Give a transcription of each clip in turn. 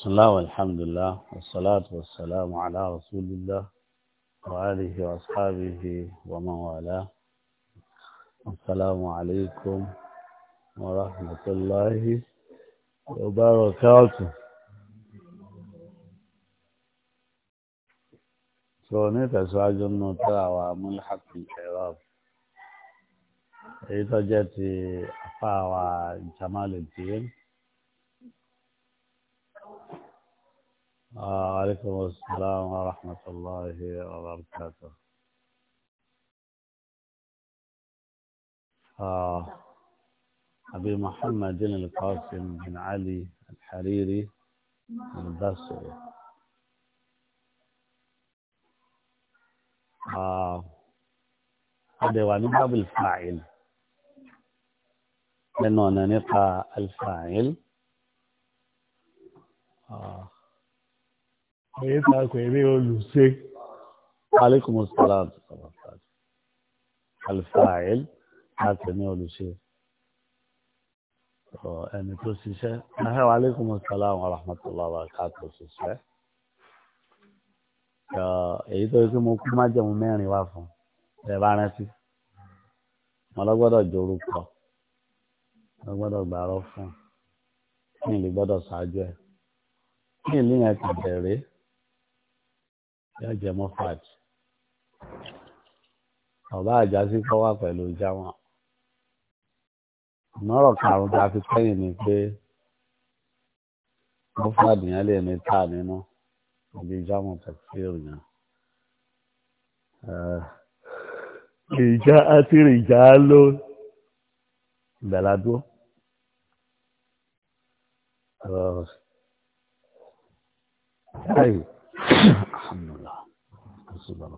بسم الله والحمد لله والصلاة والسلام على رسول الله وآله وأصحابه ومن والاه السلام عليكم ورحمة الله وبركاته سونيت أسواج النطاع حق الحراب إذا جاتي أفاوى جمال الدين وعليكم السلام ورحمة الله وبركاته آه. أبي محمد بن القاسم بن علي الحريري البصري آه. هذا هو نباب الفاعل لأنه أنا نقع الفاعل آه. èyí takò eré olùṣe alaikum salaam alfa'il láti ní olùṣe ẹni tó ṣiṣẹ́ ahẹ́wà alaikum salaam wa rahmatullahi wa barakatuh ṣiṣẹ́ èyí tó ṣe mo kú májẹ̀mú mẹ́rin wá fún ẹ bá rántí wọn lọ gbọ́dọ̀ jorúkọ wọn gbọ́dọ̀ gbàrọ fún un ní ìlú gbọ́dọ̀ ṣáájú ẹ ní ìlú yẹn kàn bẹ̀rẹ̀ yóò jẹ mọ́fàd ọba àjásí kọ́ wà pẹ̀lú jáwọn nọ́rọ̀ karùn-ún tá a fi kẹ́yìn ni pé mọ́fàd yẹn lè ní tà nínú ìdí jáwọn tẹ̀síìrì yẹn ìjà àti ìjà ló ìgbàládúró ayi alhamdulilayi ṣùgbọ́n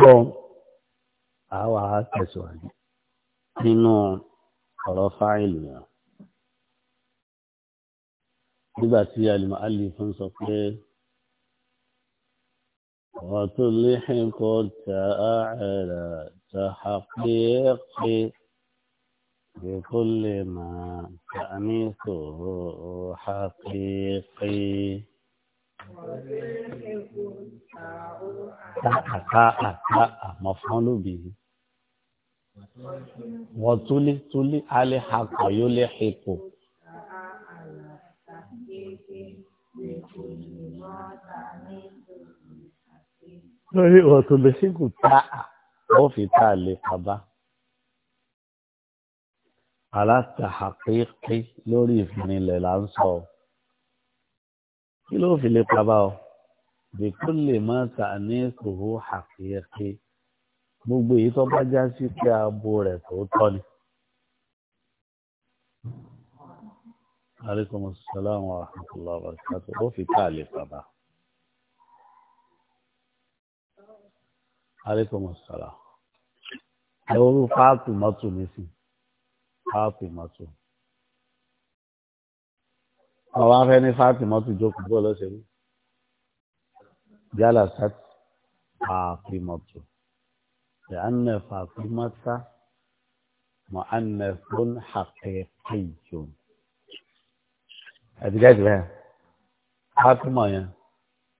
bọ́ àwa tẹ̀síwájú nínú ọ̀rọ̀ fáìlì yẹn nígbà tí alimọ̀ alì fún sọ pé wọ́n tún léhìn kó tààrà تحقيق بكل ما تأنيثه حقيقي Ta táà táà mọ̀ fún lóbìnrin wọ́n túlé túlé alẹ́ akọ̀ yóò lé epo. lórí ọ̀tún lè ṣíkù táà ó fi táà lè pàbá. aláṣà àpéèké lórí ìfìrìnlẹ̀ là ń sọ kí ló fi lè pàbá ọ bìkú lè má ta ní ìṣòwò àkíyèsí gbogbo èyí tó bá já sí pé abo rẹ̀ tó tọ́ ni. aleykum salaam wa rahmatullahi wa barakatuh ó fi ká lè pàbá. aleykum salaam ẹ orú fáàtù mọ́tò nísìn fáàtù mọ́tò àwọn afẹ́ ní Fatima tó jókòó bó lọ́sẹ̀ rí jálà sátì Fatima tó lẹ́yìn Fatima sá mọ anẹ́fún àkẹ́kẹ́jọ. ẹ̀dígá ìdílé Fatima yẹn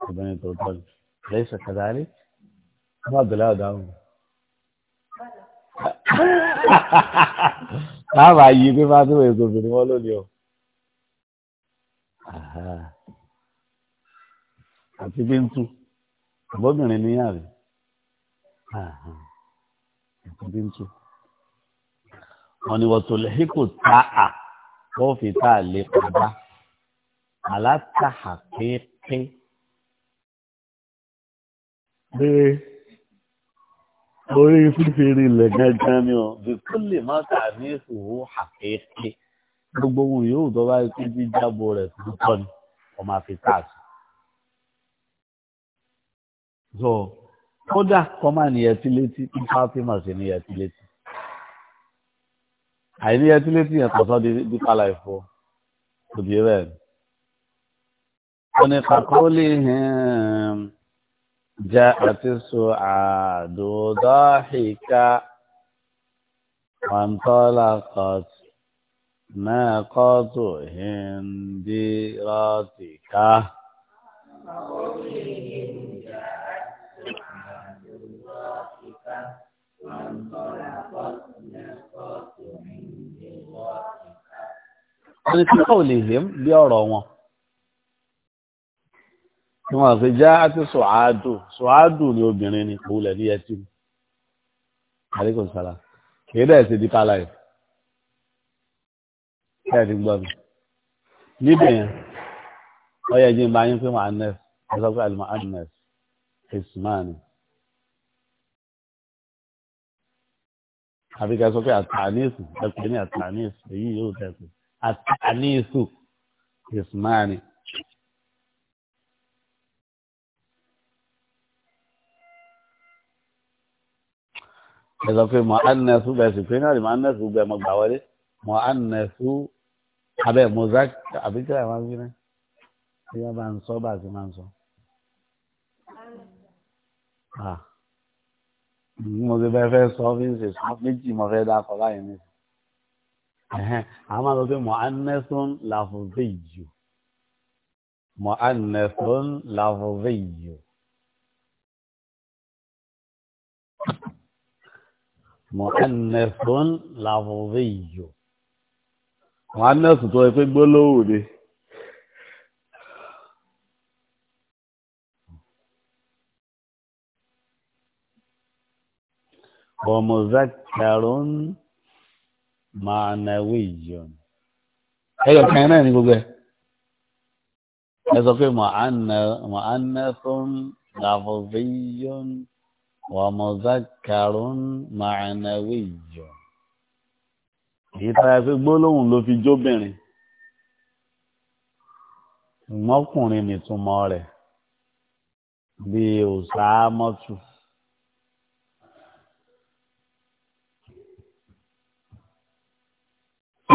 obìnrin tó tọ́jú lẹ́yìn sàkàdárì wọ́n àbẹ̀lẹ́ ọ̀dáhùn. láàbà yìí pé Fatima èso obìnrin wọn lónìí o àti bíntu àbọ̀bìnrin níyà rẹ̀ àti bíntu wọn ni wọ́tò lẹ́hìkò tá a wọ́n fi tá a lè padà aláta kéèké pé orí fífi rinlẹ̀ gángan ni ọ bí kúlè má kà ní ìṣòwò àkéèké gbogbo ohun yòówù tó bá kú jíjábọ̀ rẹ̀ tó tọ́ ni ọmọ àfi táàsì. so kódà kọ́mà nìyẹn tí létí ipa fíìmù sí nìyẹn tí létí. àìníyẹn tí létí yẹn kọ̀sọ́ di dípa láìfọ́ kò di rẹ̀. wọ́n ní kakọ́ lè hẹ́n jẹ́ àti sọ àdúdá ìka wọ́n tọ́lá kọ́tù. ناقة هنديرتك wọ́n ti kọ́ lè hìm bí ọ̀rọ̀ wọn tí wọ́n fi já àti sọ̀ádù sọ̀ádù ni obìnrin ni kò wulẹ̀ ní ẹtí àríkò sára kìí dẹ̀ sí dípá láì ẹ̀rí gbọ́ mi níbẹ̀ yẹn ọ yẹ jí n bá yín pé màá nẹ́f ẹ sọ pé àlùmọ́ àdùnẹ́f ìsùmáàní àbí ká sọ pé àtàníìsù ẹ pè ní àtàníìsù èyí yóò tẹ̀sí àtàníìsù ìsùmáàní. ẹ sọ pé mọ̀ àdùnẹ́sù bẹ̀ sì pé náà àdùnẹ́sù bẹ̀ mọ̀ gbà wọlé mọ̀ àdùnẹ́sù abẹ mozak àbíkẹ́ àwọn abíkẹ́ bí wọ́n bá ń sọ bá ti máa ń sọ. mo ti bẹ́ẹ̀ fẹ́ sọ fi ń ṣe sọ méjì mo fẹ́ dákọ̀ báyìí ní sọ. àwọn máa ń sọ mọ anẹ́sùn làfọ̀vẹ́yìí mọ anẹ́sùn làfọ̀vẹ́yìí. مؤنث لفظي àwọn anẹ́sùn tó yẹ pé gbólóhùn ni. ọmọzákàrún màánàwé ìjọun ẹyọ kan náà ní gbogbo ẹ ẹ sọ pé màánàfún làfọ̀fẹ́ ìjọun ọmọzákàrún màánàwé ìjọun èyí táyà pé gbólóhùn ló fi jóbìnrin mọ́kùnrin nìtumọ̀ rẹ̀ bíi òsáámọ́tù.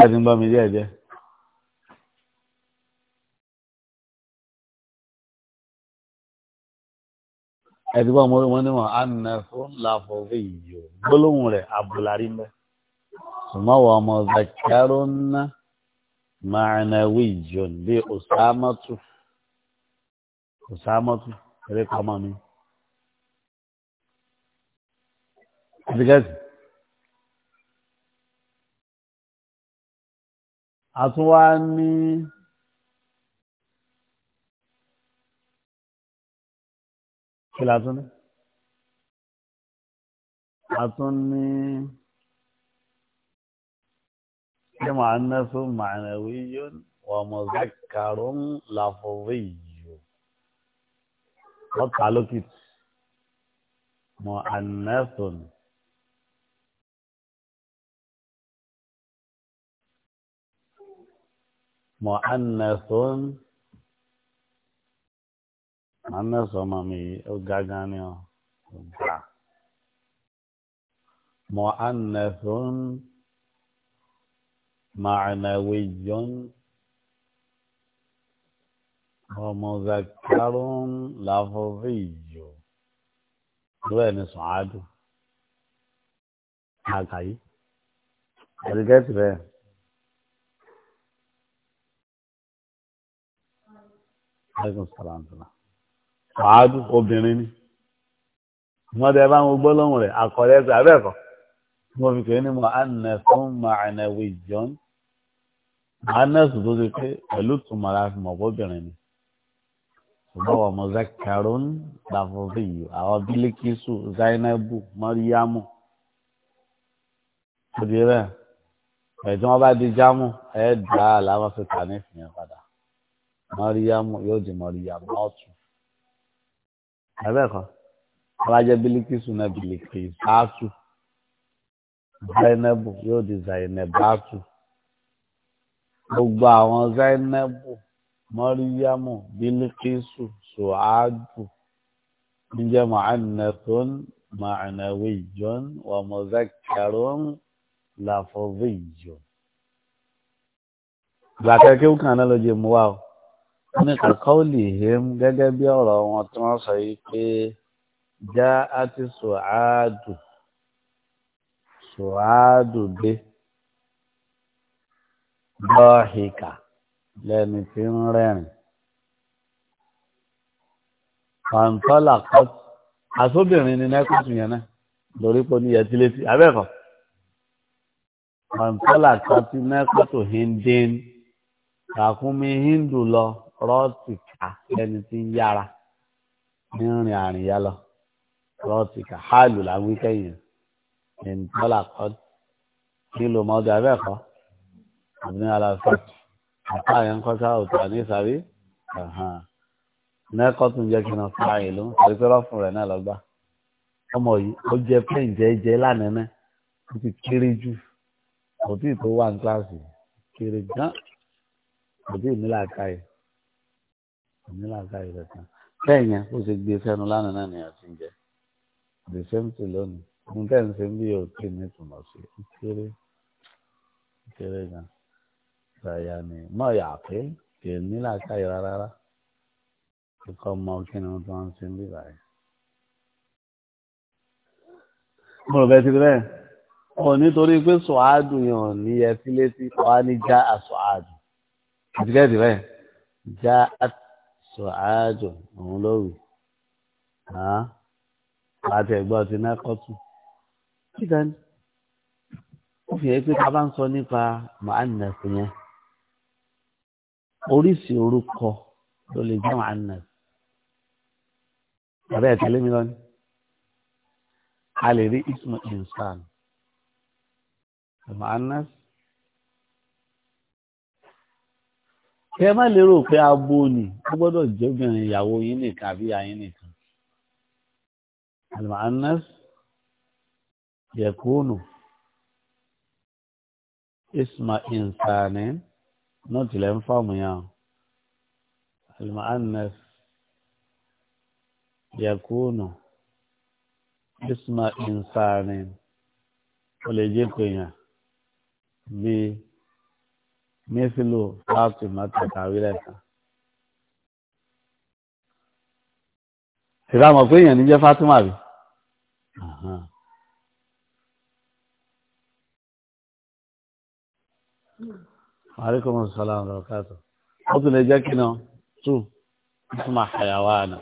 ẹ ti ń gbọ́ mi díẹ̀ díẹ̀. ẹ ti gbọ́ mo ní wọn á nà fún làfọ̀fẹ́ yìí o gbólóhùn rẹ̀ abúlárí mẹ́ ṣùgbọ́n wọ́n ọmọ zakarun ma'anawi john bí osamatu osamatu eré kọ́mọ́ mi. Àtúwá ní. Kí la ní? A tún ní ṣé màá ná sún màánàwí yó ọmọ zakarun láfọwé yìí ọkà lókìtì mọ anẹsùn. mọ̀ánẹ́sọ́n mọ̀ánẹ́sọ́n mami ọ̀gá gan ni ọ̀ ọ̀gá mọ̀ánẹ́sọ́n. معنوي ومذكر لفظي وين سعاد هكاي رجعت بقى عليكم السلام سعاد obìnrin wọ́n dẹ̀ bá wọn gbọ́ lọ́wọ́ rẹ̀ àkọlẹ́ ẹ̀sẹ̀ abẹ́ẹ̀kọ́ wọ́n fi pè é ní mọ̀ ánà fún màánà wíjọ́n anas tó ti pé pẹ̀lú tùmọ̀ra fi mọ̀ bóbìnrin ni ṣùgbọ́n àwọn ọmọ zakarun dàfọ́fì yìí àwọn bílíkìsù zainabu mọ́ríyámù tó di rẹ̀ ẹ̀ tí wọ́n bá di jámù ẹ̀ dá aláwọ̀sẹ̀ tani fìyàn padà mọ́ríyámù yóò di mọ́ríyámù ọ̀tù ẹ̀bẹ̀ kan alájẹ bílíkìsù náà bílíkìsù zainabu yóò di zainabatu gbogbo àwọn zainabu mọríyámù bílíkísù ṣùáàbù níjẹ mọ̀ánẹ́tún mọ̀ánẹ́wéjọ́n wà mọ̀zákàrún láfọ̀wéjọ́. gbàtẹ́ kí wọ́n kàn náà ló jẹ́ mú wa o wọ́n ní kàkọ́ ò lè he m gẹ́gẹ́ bí ọ̀rọ̀ wọn tí wọ́n sọ yìí pé já àti ṣùáàbù ṣùáàbù dé dọ́ọ̀hìkà lẹ́ni tí ń rẹ́rìn. pàǹtọ́là kọ́ asóbìnrin ni nẹ́kùtù yẹn náà lórí pọ̀ ní yẹtìlétì abẹ́kọ̀. pàǹtọ́là kọ́ ti nẹ́kùtù hindin kàkúnmi hindu lọ rọ́ọ̀tìkà lẹ́ni tí ń yára ní rìn àrìn yá lọ rọ́ọ̀tìkà hálù làwọn kẹ́yìn pàǹtọ́là kọ́ kí ló mọ́ ọdún abẹ́kọ̀ọ́. مبني على الفتح حقا ينقطع وتعنيس أبي أها ناقة جاكنا فاعل فلترف رنا لبا ọmọ yìí ó jẹ plain jẹjẹ lánàá ó ti kéré jù kò tí ì tó wà ní kíláàsì kéré gan kò tí ì nílà káyè kò nílà káyè rẹ tán bẹ́ẹ̀ yẹn ó ṣe gbé sẹ́nu lánàá náà ni àti ń jẹ the same thing ṣàyà ni mọ̀ yà pé kì í nílà káyọ̀ rárá kíkọ́ mọ kí ni wọ́n tó ń sin bí báyìí. mo rò bẹ́ẹ̀ ti bẹ́ẹ̀ ọ nítorí pé sọ̀ádù yàn ní ẹtí létí wàá ní já àsọ̀ádù àti bẹ́ẹ̀ ti bẹ́ẹ̀ já àsọ̀ádù òun ló wì àti ẹ̀gbọ́n ti ná kọ́tù kí dání ó fi hàn pé ká bá ń sọ nípa màá nà sí yẹn oríṣi orúkọ ló lè jẹ́ àná abẹ́ ẹ̀tẹ́lé mi lọ́ni a lè rí ismu insan àná kẹ má lérò pé abo ni ó gbọ́dọ̀ jẹ́ obìnrin ìyàwó yín nìkan àbí àyín nìkan àná yẹ kóònù ismu insanin. نوت لهم فهم يا المؤنث يكون اسم إنسان ولجيكوين بي مثل فاطمة تعويلتها ìbá mọ̀ pé èèyàn ní jẹ́ Fátímà rí aleykum salaam wa rahmatulah ó tún lè jẹ́ kí náà tú isma hayawaana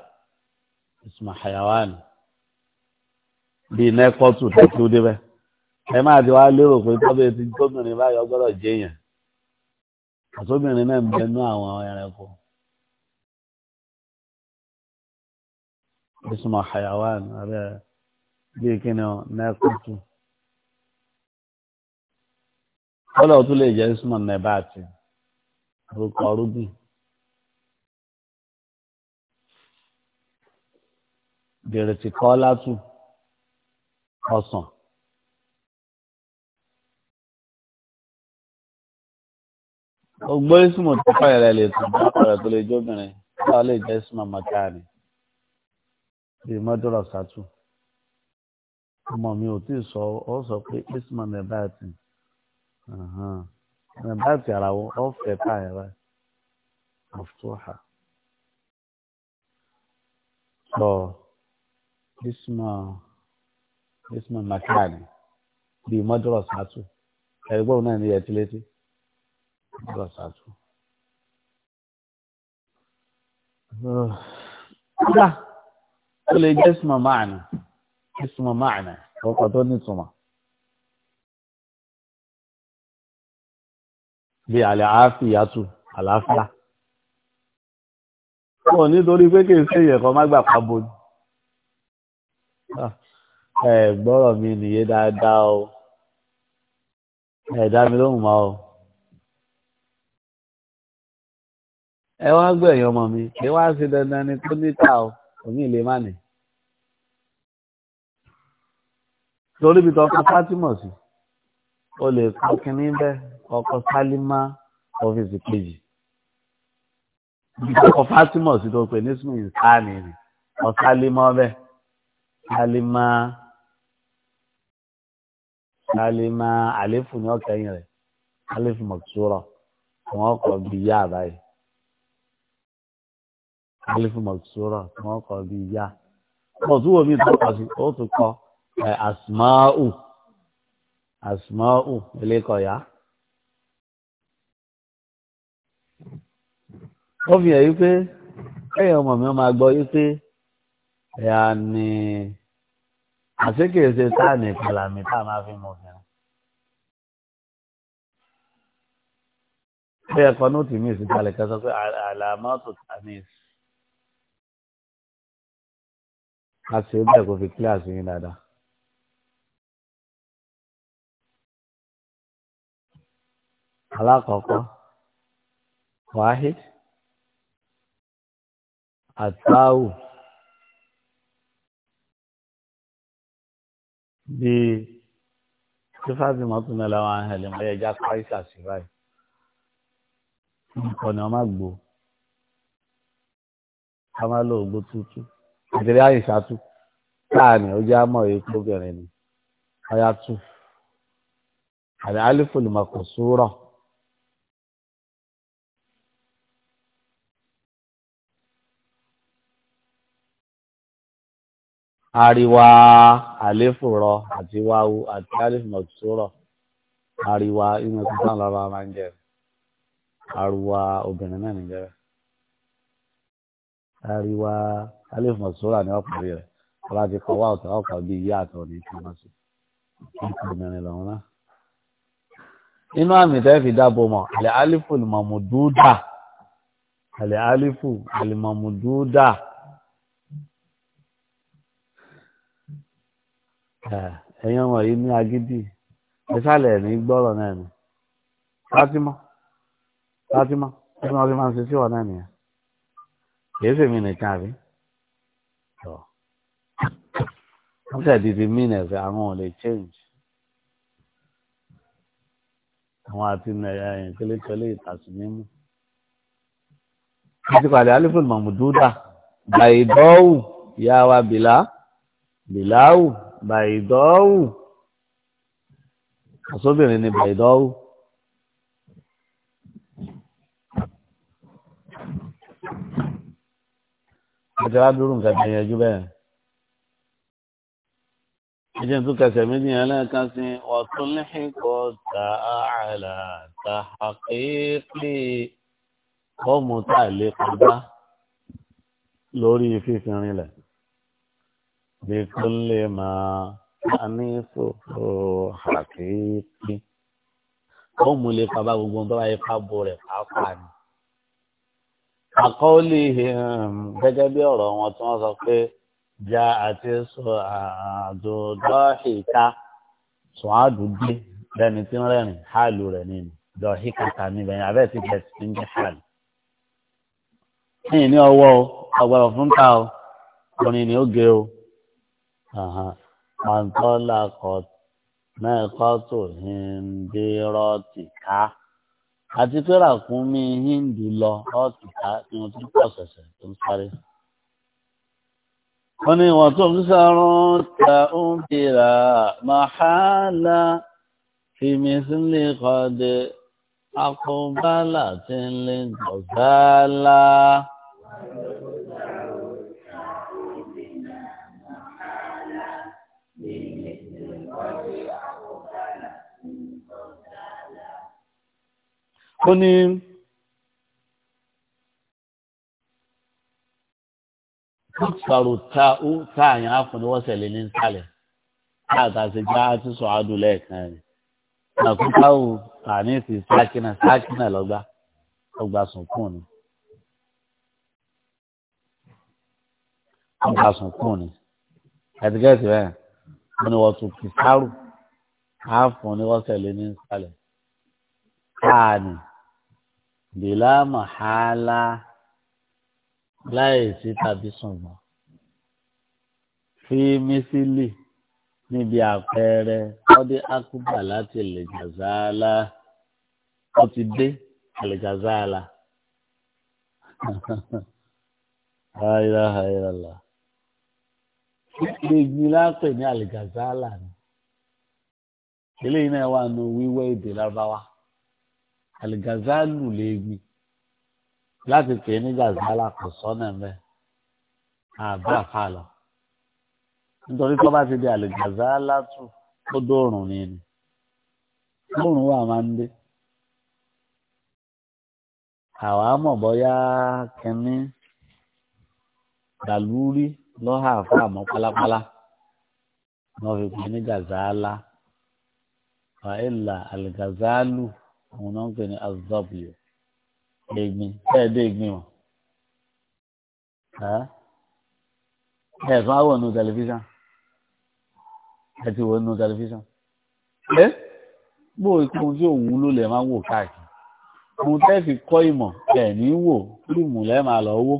isma hayawaana bíi nẹ́kọ́tù tẹ́tí ó débẹ̀ ẹ máa ti wá lérò pé tọ́bí ti gómìnir báyọ̀ gbọ́dọ̀ jẹ́yàn àtòmìnir náà ń bẹnu àwọn ẹranko. isma hayawaana abẹ́ bíi kí ni nẹ́kọ́tù. kọ́lá ọ̀tún lè jẹ́ ismọ̀ nẹ́bà àti orúkọ ọrúgbìn. bẹ̀rẹ̀ ti kọ́ látù ọ̀sán. Ogbó ìsúnmù tó kọ́ ìrẹ̀ lè tún bá ọ̀rẹ́ tó lè jóbìnrin tó lè jẹ́ ìsúnmù mọ̀káàrí bíi mọ́dúrà sátú. Ọmọ mi ò tí ì sọ ọ́ sọ pé ìsúnmù nẹ́bà àti. من باب يلعبوا اوف يا بقى مفتوحة صو اسم اسم المكان دي مدرسة يقولون ان هي تلاتي مدرسة لا كل اسم معنى اسم معنى هو قدوني نتمه bí àlẹ́ àáfíyàtù àlàáfíà wọn nítorí pé kí n ṣe ìyẹ̀kọ́ má gbà pàbò ni ah, ẹ gbọ́rọ̀ mi nìyé dáadáa o ẹ dá mi lóhùn máa o ẹ wá gbẹ̀yìn ọmọ mi kí wá sí dandan ni tó níta o òní ìlé má nì torí bí tọ́ ka Fátímọ̀ sí o lè kọ́ kínní bẹ́ẹ̀ ọkọ sálímà ọfíìsì kejì ọkọ fatima sí tó pè ní sùnmù ìsáàní ni ọ sálímà ọbẹ sálímà sálímà àléfù ní ọkẹyìn rẹ àléfù mọ̀túrọ̀ wọn kọ bí yá àbáyé àléfù mọ̀túrọ̀ wọn kọ bí yá ọtún wo mi tọ́ka sí ó tún kọ asmau asmau ilé kọ yá. ó fi hàn yí pé ẹ̀yìn ọmọ mi máa gbọ́ yí pé ẹ̀yà ni àṣekèsè táà nìkan làmì táà máa fi mọ̀ fẹ́ràn. pé ẹ̀kọ́ nóòtù mi sì kalẹ̀ kan sọ pé àlàmọ́tò tanis a ṣe bẹ́ẹ̀ kó fi kíláàsì yín dáadáa. alákọ̀ọ́kọ́ wàhíì. àtàwù bíi sífàtì mọ́túnmẹ́ làwọn ahẹ́lẹ̀ mọ́ ẹja kárísà sí báyìí nǹkan ni wọ́n máa gbó ká má lò ògbó tútù àtẹ̀lé àyíṣà tú táàní èkó ni tú ariwa àléfò rọ àti wáwú àti àléfò mọ̀tòrọ ariwa inú ẹ̀kọ́ sáà lọ́ba máa ń jẹ ariwa obìnrin náà nìjẹ́ ariwa àléfò ni wọ́n parí rẹ̀ ọlá ti kọ́ wá ọ̀tọ̀ ọkọ̀ bí ìyá àtọ̀ ní ìtumọ̀ sí obìnrin lọ́wọ́ náà. inú àmì tẹ́ fi dáàbò mọ̀ àlẹ́ àléfò lè mọ̀mọ́ dúdà àlẹ́ àléfò lè mọ̀mọ́ dúdà. ẹ̀yin ọmọ yìí ní agídí ìsàlẹ̀ ní gbọ́rọ̀ náà ni Fátímọ́ Fátímọ́ ẹni wọn fi máa ń ṣe sí wọn náà nìyẹn kìí ṣèmi nìkan àbí wọ́n tẹ̀lé ti mí nẹ̀fẹ̀ àwọn ò lè change àwọn àti ẹ̀yìn kélékélé ìtàsímímú títí pàdé alifun mahmududa bàìdọ́wù yàwá bìlá bìláwù bàìdọ́wù àsóbìnrin ni bàìdọ́wù. àjọ adúrú nǹkan ti yanjú bẹ́ẹ̀. ẹjẹ tó kẹsẹ̀ méjì yẹn lẹ́ẹ̀kan sí ọ̀tún lẹ́hìnkọ́ tààlà tààkéèké fọ́ọ̀mù tá a lè kọjá lórí fífin rinlẹ̀. بكل ما أنيسه حقيقي قوم لفبا بغون تبا يفابو لفافاني أقولهم تجبي أرون وتنظر جاءت سعاد ضاحكة سعاد دي لأن تنرين حالو رنين ضاحكة تاني بين عباتي بس تنجي حال ní ní ọwọ́ ọgbàrọ̀ fún ta ọ ọkùnrin ni ó gé o àǹtọ́là mẹ́ẹ̀kọ́tò hìndírọ́tìká àti pé ràkúnmí hindu lọ ọ́tìká ni wọ́n ti pọ̀ ṣẹ̀ṣẹ̀ tó ń sáré. wọ́n ní wọ́n tó ń sárún ta ń kira màhálà fìmísílẹ̀ kọ́dé akọ́bálà tí ń lè gbọ̀gbálà. ó ní kúkàrò tá àyàn àfọ̀nìwọ́sẹ̀ lé ní sálẹ̀ láàtà sí gbá tí sọ àdúlẹ̀ kan rẹ̀ nàkúkàrò tàní sí sákínà sákínà lọ́gbà ọgbà sunkún ni ọgbà sunkún ni ẹ̀dígẹ́sì bẹ́ẹ̀ wọ́n ní wọ́n tún kìsàrò àfọ̀nìwọ́sẹ̀ lé ní sálẹ̀ káà ni bìlà màhálà láì sí tàbí sùnmọ́ fi mísílì níbi àpẹẹrẹ ọdí akúbà láti àlèjàzáàlà ó ti dé àlèjàzáàlà ayira ayira la gbègbè lápè ní àlèjàzáàlà ni eléyìí náà wà nù wíwẹ́ èdè lárúbáwá àlìgàzálù léegbì láti pè é ní gàzálà kò sọ́nà mẹ́ àbá àfa lọ nítorí tó bá ti di àlìgàzálà tù ó dóòrùn ni ni dóòrùn wà máa ń dé àwa mọ̀ bóyá kínní dàlúrí lọ́hà fún àmọ́ pálápálá wọ́n fi pè ní gàzálà wàhálà àlìgàzálù àwọn náà ń pè ní azọ́bìlì ẹ̀gbin ẹ̀ẹ́dẹ́ ẹ̀gbin wọn ẹ̀ẹ́dùn á wò nù tẹlifíṣàn ẹ̀ ti wò nù tẹlifíṣàn ẹ́ bó ikú tí òun ló lè máa wò káàkiri mo tẹ́ fi kọ́ ìmọ̀ ẹ̀ ní wò fíìmù lẹ́ máa lọ wó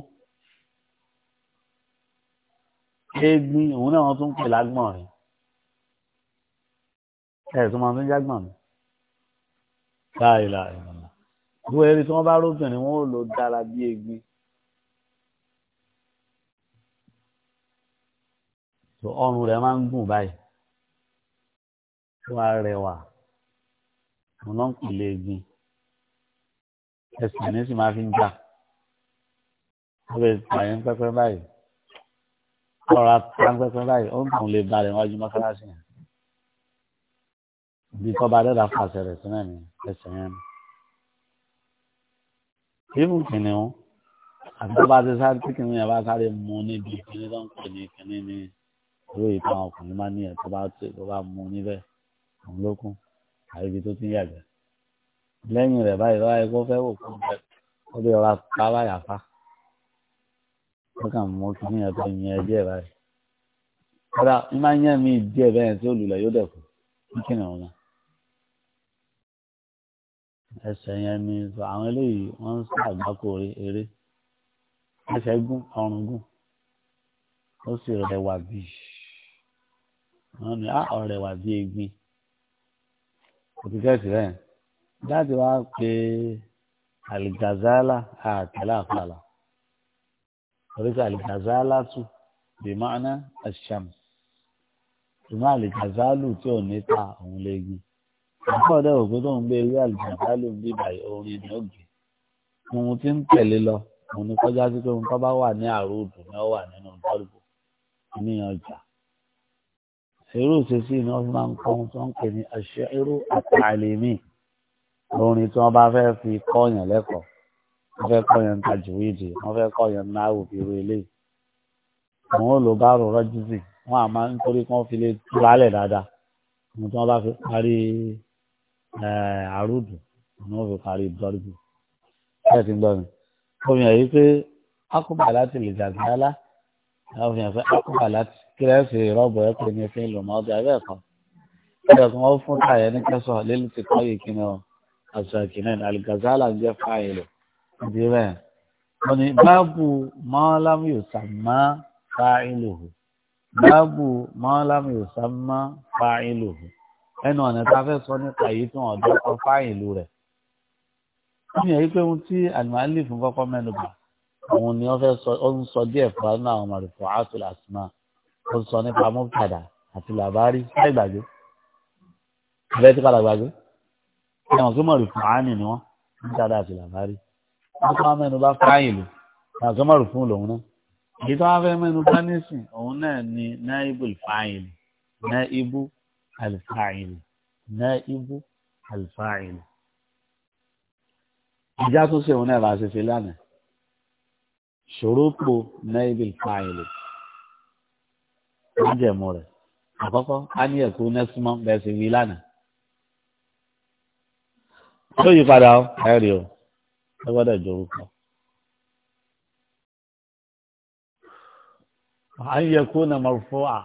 ẹ̀gbin òun náà wọ́n tún pè lágbọ̀n rẹ̀ ẹ̀ẹ́dùn máa tún jágbọ̀n mi láìla ìmọ̀lá ìwé eré tí wọ́n bá róbìnrin wọn ò lò dára bí egbin ọrùn rẹ̀ máa ń gùn báyìí wá rẹwà òun náà ń pèlè egbin ẹsẹ̀ ní sì máa fi ń jà ọbẹ̀ pààyàn pẹ́pẹ́ báyìí ọ̀rọ̀ àtàǹpẹ́pẹ́ báyìí ó ń kàn lè balẹ̀ wájú mọ́sálásí yẹn bí tọ́ba dẹ́dà fàṣẹ rẹ̀ sílẹ̀ ní ẹsẹ̀ yẹn ni. ìmú kìnìún àti tọ́ba ti sáré tí kìnìún yẹn bá sáré mú níbi ìpínlẹ̀ tó ń pè ní kìnìún ní ìlú ìtàn ọkùnrin máa ní ẹ̀ tó bá tó tó bá mú níbẹ̀ òun ló kún àìbí tó ti ń yàgbẹ́. lẹ́yìn rẹ̀ báyìí lọ́wọ́ ẹgbẹ́ fẹ́ wò kún bẹ́ẹ̀ ó lè rọra pa báyà fa ó kàn mú kìnìún yẹn tó yẹn díẹ̀ báyìí. kódà mi díẹ̀ bẹ́ẹ̀ tí ó lulẹ̀ yóò dẹ̀kun ẹsẹ̀ yẹn ni àwọn eléyìí wọ́n ń sá àgbákò eré ẹsẹ̀ gùn ọrùn gùn ó sì rẹwà bí wọ́n ní á ah, ọ̀rẹ́wà bí egbin òtítẹ́sì rẹ̀ láti wá pe àlìgàzálà àtẹlẹ àfàlà orí ka tù bí mọ́ná àṣàm ìmọ̀ àlìgàzálù tí ò ní ta òun lè gbin ọ̀pọ̀ ọ̀dẹ́ òkú tó ń gbé ewé àlùbọ̀dá ló ń bí báyìí orin ni ó gbé ohun tí ń tẹ̀lé lọ òun ni kọjá sí pé ohun tó bá wà ní àròdù ni ó wà nínú bọ́ọ̀lù ní ọjà irú ìṣesí ni wọ́n fi máa ń kọ́ ohun tó ń pè ní àṣẹ irú àtàlẹ́mì orin tí wọ́n bá fẹ́ fi kọ́yàn lẹ́kọ̀ọ́ wọ́n fẹ́ kọ́yàn tajùwìdì wọ́n fẹ́ kọ́yàn náwó irú eléyìí àwọn olùbárò rọ́júsì wọ́n àmọ́ nítorí kí wọ́n fi lè túra dáadáa ohun tí wọ́n bá fi parí àrùdù ni wọ́n fi parí dọ́rùbù bẹ́ẹ̀ ti ń gbọ́ mi. omi ẹ̀ yí pé akópa láti lè jàdí alá àwọn èèyàn fẹ́ akópa láti kírẹ́sì rọ́bù ẹ̀ pé ní fi ń lò mọ́tò ẹ̀ bẹ́ẹ̀ kọ́. ẹ̀rọ kan wọ́n fún táyà ní kẹsàn án lẹ́nu ti kọ́ yìí kí ni ọ àṣà kìnnìún ní aligazala ń jẹ́ fáìlì ìdí bẹ́ẹ̀. wọ́n ní báàbù mọ́lámù yóò ẹnu ọ̀nà tá a fẹ́ sọ nípa èyí tí wọ́n dọ́ kọ fáyìn ìlú rẹ̀. wọ́n yẹ pé ohun tí alimali fún kọ́kọ́ mẹ́nu bà òun ni wọ́n fẹ́ sọ ó ń sọ díẹ̀ fún àwọn àwọn ọmọdéfọ́ àtúlẹ̀ àtúmọ̀ ó ń sọ nípa mọ́tàdà àti làbárí láì gbàgbé abẹ́ tí kàlà gbàgbé ẹ̀wọ̀n kí mọ̀rùfún àánì ni wọ́n mọ́tàdà àti làbárí wọ́n kọ́ mẹ́nu bá fáyìn ìlú ẹ̀wọ̀n kí mọ̀rùfún alfa'il náíbù alfa'il. ìjà tó ṣe òun náà bá ṣe ṣe lánàá ṣòrópò náíbù alfa'il májẹ̀mú rẹ̀ àkọ́kọ́ á ní ẹ̀kú nẹ́símọ́ bẹ́ẹ̀ sì wí lánàá. tó yí padà ó ẹ̀rí o ẹ gbọ́dọ̀ jòrò kan. à ń yẹ kó na mọ̀rọ̀ fún à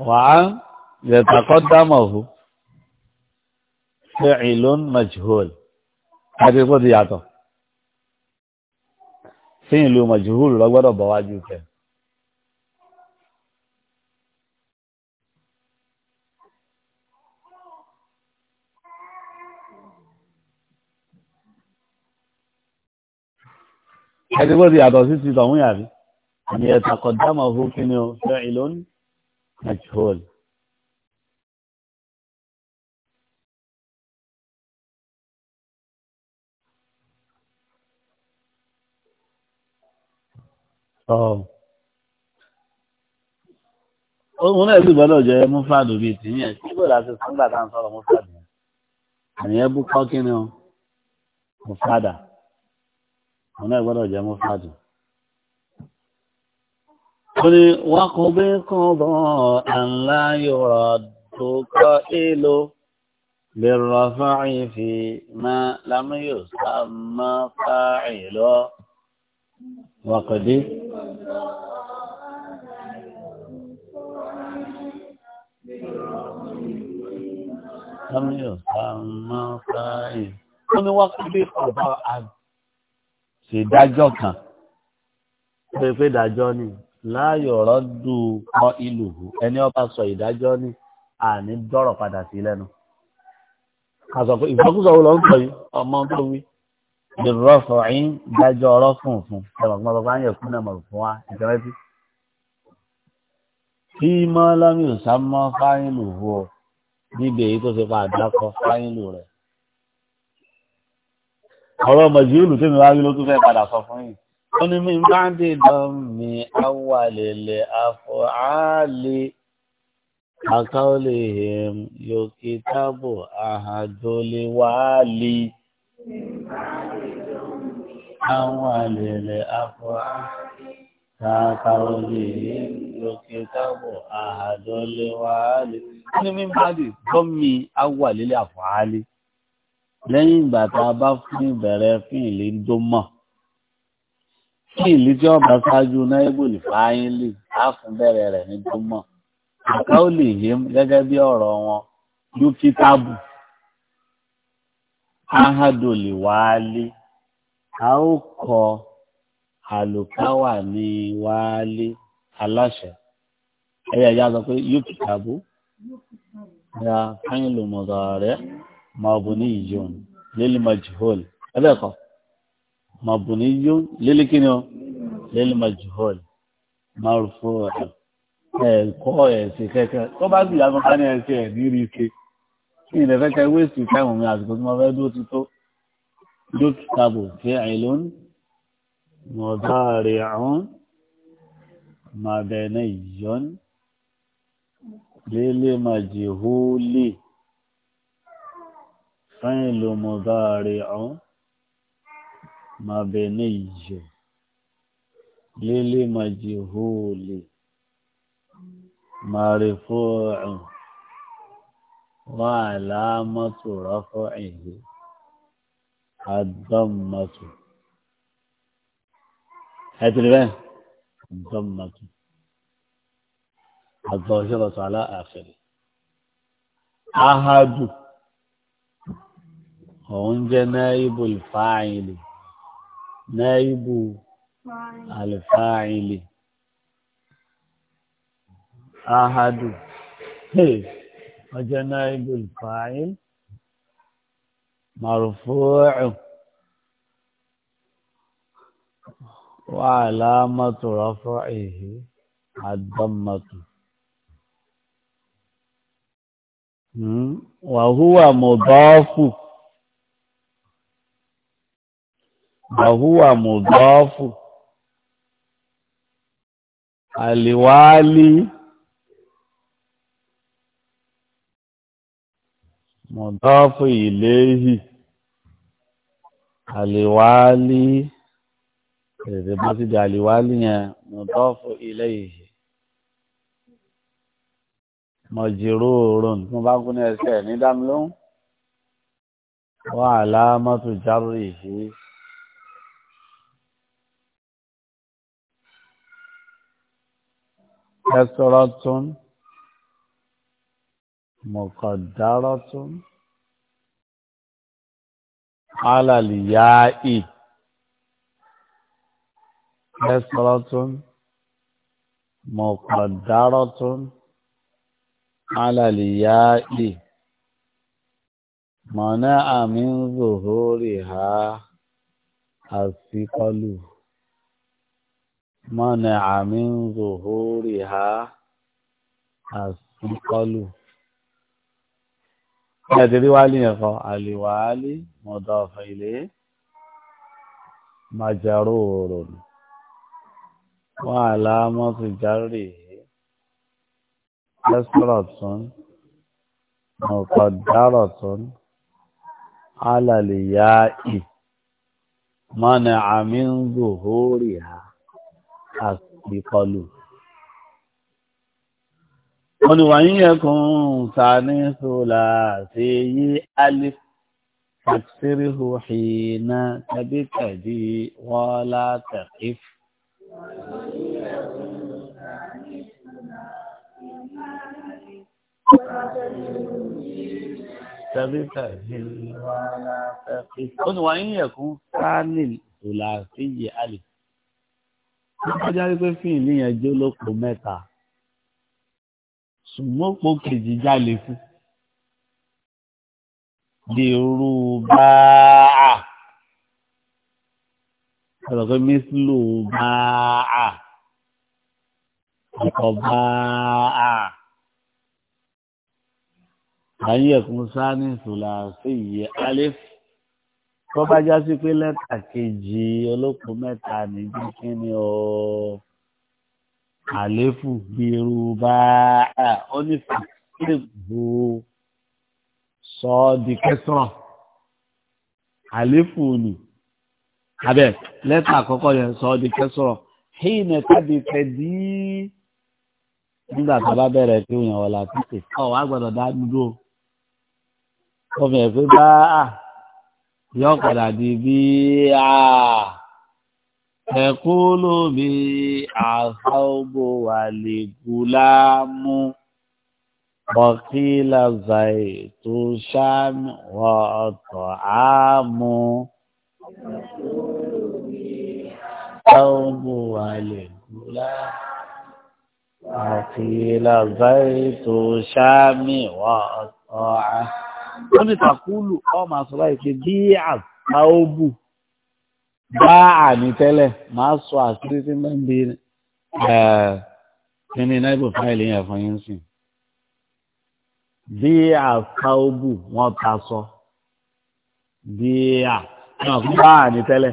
وعن يتقدمه فعل مجهول هذه قد يعطى فعل مجهول لغدا بواجوك هذه قد يعطى ستة طمية يتقدمه فعل majhul. òun náà sì gbọ́dọ̀ jẹ́ mufadu bíi tìyẹn síbò láti sọ́gbà tá à ń sọ̀rọ̀ mufadu yẹn àníyàn bú kọ́kínní o mufada òun náà gbọ́dọ̀ jẹ́ mufadu. قل وقض قضاء لا يرد قائل للرفع فيما لم يسمى فاعل وقد لم يسمى فاعل قل وقض قضاء ṣèdájọ́ kan pé pé dájọ́ nìyí láàyò rọ́dù kọ́ ìlú ẹni ọba sọ ìdájọ́ ní àní dọ́rọ̀ padà sí lẹ́nu. àsọ̀kò ìfọkúsọ wo ló ń sọ yìí ọmọ tó wí. ìrọ̀ fọ̀yín dájọ́ ọ̀rọ̀ fún òfun ẹ̀rọ kan bàbá yẹn kú náà mọ̀rọ̀ fún wa ìjọrẹ́tì. kí mọ́ lọ́mí òsà mọ́ fáyínlù wọ níbi èyí tó fi pa àdákọ fáyínlù rẹ̀. ọ̀rọ̀ mọ̀jì olùtẹ́mi wá rí ló tún fẹ́ padà sọ fún yìí ó ní mi bá ń dìdán mi awàlẹ̀lẹ̀ àfọ̀hálẹ̀ àkáólẹ̀hìn yòókì tábò àhàjọlẹ̀wálì awàlẹ̀lẹ̀ àfọ̀hálẹ̀ àkáólẹ̀hìn yòókì tábò àhàjọlẹ̀wálì ó ní mi bá dìdán mi awàlẹ̀lẹ̀ àfọ̀hálẹ̀ lẹ́yìn ìgbà tá a bá fún ìbẹ̀rẹ̀ fún ìlú kí ìlú tí ọba ṣáájú náíbùlì fáyínlì á fún bẹ̀rẹ̀ rẹ̀ ní gbọ́mọ̀ àká ó lè yé gẹ́gẹ́ bí ọ̀rọ̀ wọn dókítàbù ahadolè wálé a ó kọ àlùkáwà ní wálé aláṣẹ ẹyẹ ẹjá sọ pé yókítàbù ya fáyínlì mọ̀tọ̀ rẹ̀ mọ̀bùnì ìyọ̀n lẹ́lẹ́mọ̀jì hólì ẹbẹ̀ kọ́ mabuniyo lílí kí ni ọ lílí majhul marufu ẹ̀kọ́ ẹ̀sìn kẹ́kẹ́ tó bá sì yàgò ká ní ẹ̀sìn ẹ̀ ní rí ike kí ni ìdẹ́fẹ́ kẹ́ wéèsì táìmù mi àsìkò tí mo fẹ́ dúró ti tó dókítàbò fi àìlónì mọ̀dáàrí àwọn màbẹ̀ẹ́nà ìyọ́n lílí majhuli fáìlì mọ̀dáàrí àwọn. مبني للمجهول مرفوع وعلامة رفعه الضمة هاتوا بقى الضمة الظاهرة على آخره أحد هون جنايب الفاعل náíbù àlùfáàìlì ahadu ọjọ́ náíbù àlùfáàìlì marfu'u wa alamatu rafa'ihi ad-dammatu hmm? wa huwa mudafu. bàhúwà mùdọ́ọ̀fù àlìwálí mùdọ́ọ̀fù ìléhì àlìwálí èdè bá ti di àlìwálí yẹn mùdọ́ọ̀fù ìléhì mọ̀jìrúurú tí wọ́n bá kú ní ẹsẹ̀ ní dámlóhùn wọ́n àlámọ́tò járó ìṣe. كثرة مقدرة على الياء كثرة مقدرة على الياء منع من ظهورها الثقل mọ́nà àmì ń zòhórí ha àsìkọlù. Ẹ̀dẹ̀ rí wálé yẹn kọ́, àlèwálé, mọ̀dọ̀fẹ̀ ilé, màjàrò òrò. Wọ́n àlá mọ́sí járè lẹ́sọ̀rọ̀ tún, mọ̀kọ̀ dárọ̀ tún, alàlè yá ì, mọ́nà àmì ń zòhórí ha àpèkọlù. wọ́n ní wàá yíyẹ kún sani sula sí yí alif taksirihu hìnà tàbí tàbí wọ́lá tàkif. tàbí tàbí wọ́lá tàkif. wọ́n ní wàá yíyẹ kún sani sula sí yí alif kọjá wípé fíìlì yẹn jó lóko mẹ́ta sùmọ́pò kejì jálè fún bí irú báà ọ̀rọ̀ pé mísìlù báà ọ̀pọ̀ báà báyìí ẹ̀kún sáà ní sùlá sí iye alẹ́ fún tó bá já sí pé lẹ́tà kejì olókùn mẹ́ta níbi kí ni ọ àléfù gbèrú bá ó ní fàkílì sọ ọ́ di kẹsàn-án àléfù ni abẹ lẹ́tà àkọ́kọ́ yẹn sọ ọ́ di kẹsàn-án hìn tàbí tẹ̀dí nígbà tá bá bẹ̀rẹ̀ pé òyìnbó la ti tè ọ̀ wá gbọ́dọ̀ dá dúró ọmọ ẹ̀fẹ́ bá a yọ padà di bí a ẹ̀kọ́ lómi àṣàbò wà lè gùlámù bọ̀kílà zàì tó ṣáàmì wọ ọ̀tọ̀ àmú. àṣàbò wà lè gùlámù. بقيل زيت شام وأطاعه wọ́n ní tàkúlù ọmọ àsọ̀rọ̀ ìpè bí àtàóbù bá àní tẹ́lẹ̀ máa sọ àṣírí tí máa ń bí kíní náìbò fáìlì yẹn fún yín sìn. bí àtàóbù wọ́n ta sọ bí à náà fún bá àní tẹ́lẹ̀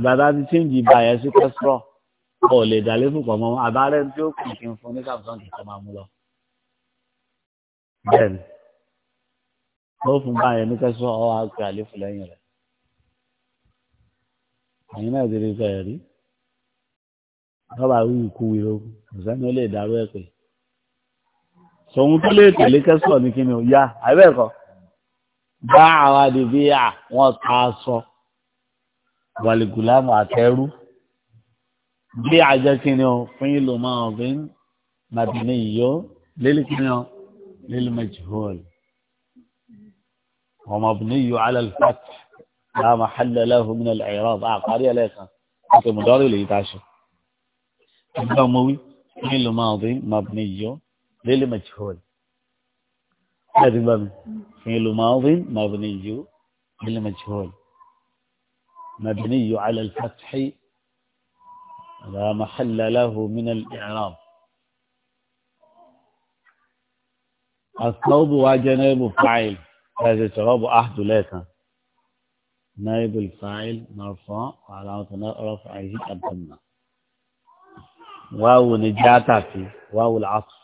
gbàdá ti chíǹjì bàyẹ̀ sí pẹ́sítọ̀ ọ̀ lè dà lẹ́fù pọ̀ mọ́ àbárẹ́ tí ó kù kí n fún ní sàbùsàn kìkọ́ máa mú lọ. bẹ́ẹ̀ni wọ́n fún báyẹn ní kẹsàn án ọ̀hún àgbẹ̀ àléfù lẹ́yìn rẹ̀ àyìn náà ti rí sọ ẹ̀rí lọ́ba wíwì kú wíwì ó ọ̀sẹ́ni ó lè dàrú ẹ̀ pé sọ̀hun tó lè tẹ̀lé kẹsàn án ní kíni ó yá àbẹ́ẹ̀kọ́ bá àwa dìbí à wọ́n ta aṣọ wàlìgùlámù àtẹ́rú bí àjẹkíni ó fún ìlú máa ọ̀gbìn màdìní yìí ó lélẹ́kíni lélẹ́mẹ̀jì hóòlù. ومبني على الفتح لا محل له من الإعراب عقاريه آه، عليك أنت مضارع لي تعشر الضموي مبني للمجهول هذا باب في الماضي مبني للمجهول مبني على الفتح لا محل له من الإعراب الثوب وجنب فاعل هذا الجواب أحد لك نائب الفاعل مرفوع على رفعه الضمة واو نجاتك واو العطف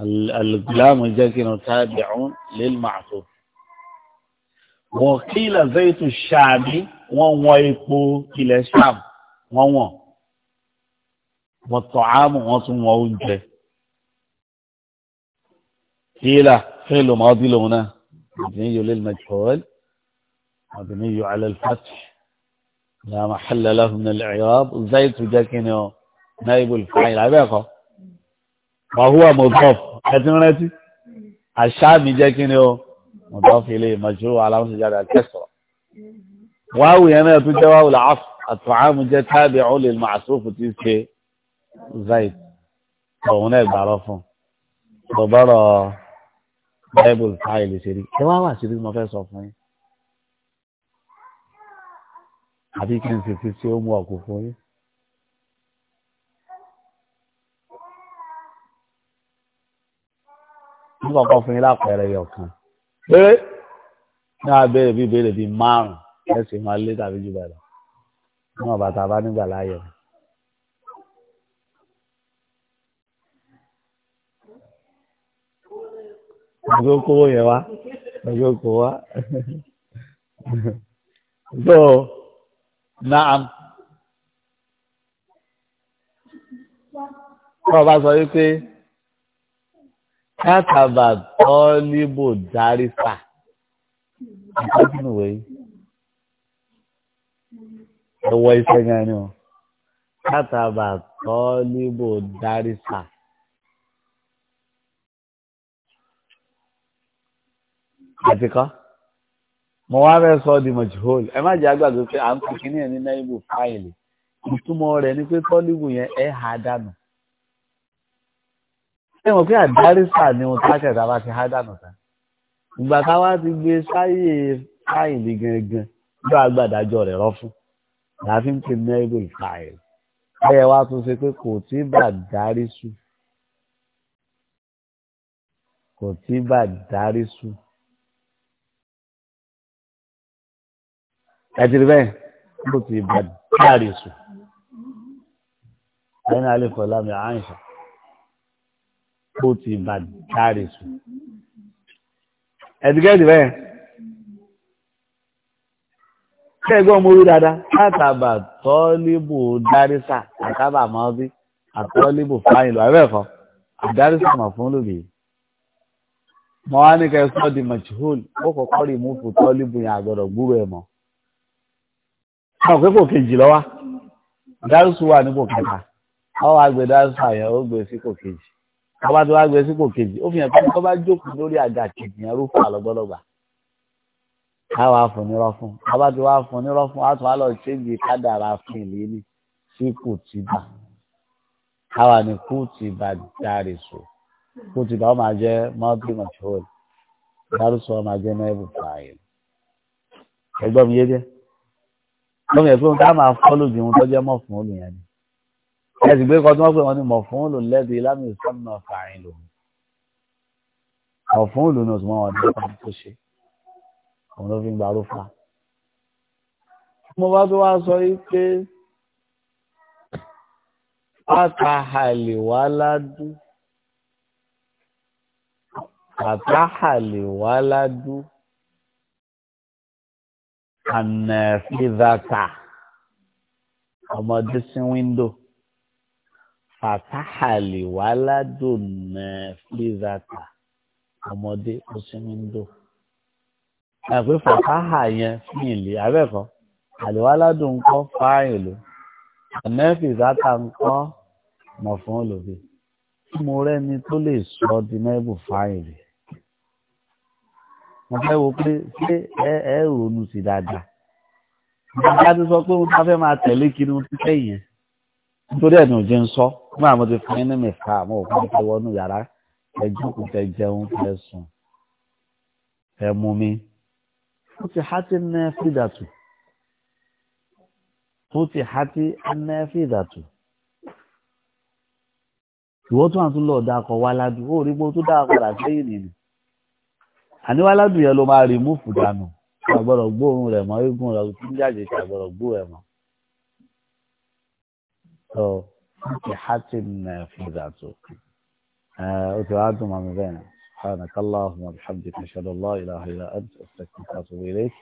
الغلام الجاكن تابعون للمعطوف وقيل زيت الشعب وويقو إلى الشعب وو والطعام وصم ووجه قيل فعل ماضي لونه مبني للمجهول مبني على الفتح لا محل له من الإعراب زيد تجاكين نائب الفاعل عباقة وهو مضاف الشعب جاكينو مضاف إليه مجرور على مسجد الكسرة واو هنا تجا واو العصر الطعام جاء تابع للمعصوف تيسكي زيد وهناك بعرفه وبرا bible fáìlì ṣe rí ẹ wá wà sí rí mo fẹ́ sọ fún yín àbí kí n sì fi ṣe ó mú ọ̀kú fún yín. nígbà kan fún yín lápẹẹrẹ yọ kan pé náà béèrè bíi béèrè bíi márùn ẹ sì máa lé tàbí jù bẹ́ẹ̀ lọ níwọ̀n bá nígbà láàyè ọjọ́ kówó yẹn wá ọjọ́ kówó wá. so naam tí wọ́n bá sọ wípé kátàbà tọ́líbò dárísà ìtọ́jú wèé ẹ̀wọ̀ iṣẹ́ gan ni o kátàbà tọ́líbò dárísà. àti kọ́ mo wá fẹ́ sọ di mọ̀júhóòlù ẹ má jẹ́ àgbàgbé pé à ń pè kíní ẹ̀ ní náírà fáìlì ìtumọ̀ rẹ̀ ni pé tọ́líwù yẹn ẹ̀ hà dànù ẹ mọ̀ pé àdárísà ni mo tákẹ̀ tá a bá ti hà dànù tán ìgbà táwa ti gbé sáyè fáìlì gangan ló àgbàdájọ́ rẹ̀ rọ́ fún láti ń pè náírà fáìlì ẹ wá tún ṣe pé kò tí bà dárí sùn kò tí bà dárí sùn. ẹtìrì bẹ́ẹ̀ ó ti bà dáàrí sùn ẹni alẹ́kọ̀ọ́ lámì àìsàn ó ti bà dáàrí sùn ẹtìkẹ́tì bẹ́ẹ̀ kẹ́gbọ́n mo rí dáadáa látàbà tọ́lébù dárísà àtàbà máa bí àtọ́lébù fáyìn lọ abẹ́ẹ̀kọ́ àdárísà mà fún lòbì mọ́ wá ní kẹ́sọ́ di màchihol ó kọ́kọ́ rí mú fún tọ́lébù yẹn àgbọ̀dọ̀ gbúrò ẹ̀ mọ́ àwọn òkè kò kejì lọ́wọ́ dárúsù wà nípò kẹta àwọn àgbẹ̀ dárúsù àyàn ó gbé sípò kejì àwọn àti wàá gbé sípò kejì ó fi hàn pé tó bá jókòó lórí àga kejì yẹn rúfò àlọ́gbọ́lọ́gbà àwọn afún nírọ́ fún àwọn àti wàá fún nírọ́ fún àtún àlọ́ ṣéǹgì kádàrà fún ìlérí sí kùtìbà àwọn ni kùtìbà dárìsù kùtìbà ó máa jẹ́ mọ́tì mọ̀ṣọ́ọ̀lù dárúsù ó máa jẹ́ mẹ́bù fààyè ẹgbọ́n mi lóun yẹ pé wọn ká máa fọ́ lójú wọn tọ́jú ẹmọ fún olù yẹn ni ẹ sì gbé kọ́ tí wọ́n pè wọ́n ní mọ̀ fún olù lẹ́bi lámì ìsọ́nà fàárín lòun mọ̀ fún olù ní òtún wọn ọdún kan tó ṣe òun ló fi ń gbarú fa. mo bá tó wá sọ yìí pé pátá àlè wá ládùú pátá àlè wá ládùú anafidata ọmọdé sí windo fatahali wàládò nafidata ọmọdé ó sí windo ẹ̀pẹ́ fataha yẹn fún ìlé abẹ́kọ̀ àlèwàládò ńkọ́ fáyìn ló anafidata ńkọ́ mọ̀ fún olùbí tí mo rẹ́ni tó lè sọ ọ́ di mẹ́bù fáyìn rè mo fẹ́ wo pé ṣé ẹ ẹ ronú sí dáadáa ìjọba ti sọ pé mo ta fẹ́ máa tẹ̀lé kiri ohun títẹ̀ yẹn nítorí ẹ̀ ní òjì ń sọ fún àwọn ti fún ẹni mẹ́fà àmọ́ òkú ti fẹ́ wọnú yàrá ẹ jókòó fẹ́ jẹun fẹ́ sùn fẹ́ mú mi ó ti há ti ná fídàtù ó ti há ti ná fídàtù ìwọ́n tún àtúntò lọ́ọ̀dà kọ̀ wá ládùúgbò rí pé ó tún dáa padà sẹ́yìn nìyí àníwáládùn yẹn ló máa rìmúfù dànù àgbọ̀dọ̀ gbóòórùn rẹ̀ mọ́ eégún rẹ̀ tó ń jáde sí àgbọ̀dọ̀ gbó rẹ̀ mọ́. sọ fúnkì hatim nà fúnjà tó ó ti wá dùn mọ́ mi bẹ́ẹ̀ ni. سبحانك اللهم وبحمدك نشهد الله لا اله الا انت استغفرك واتوب اليك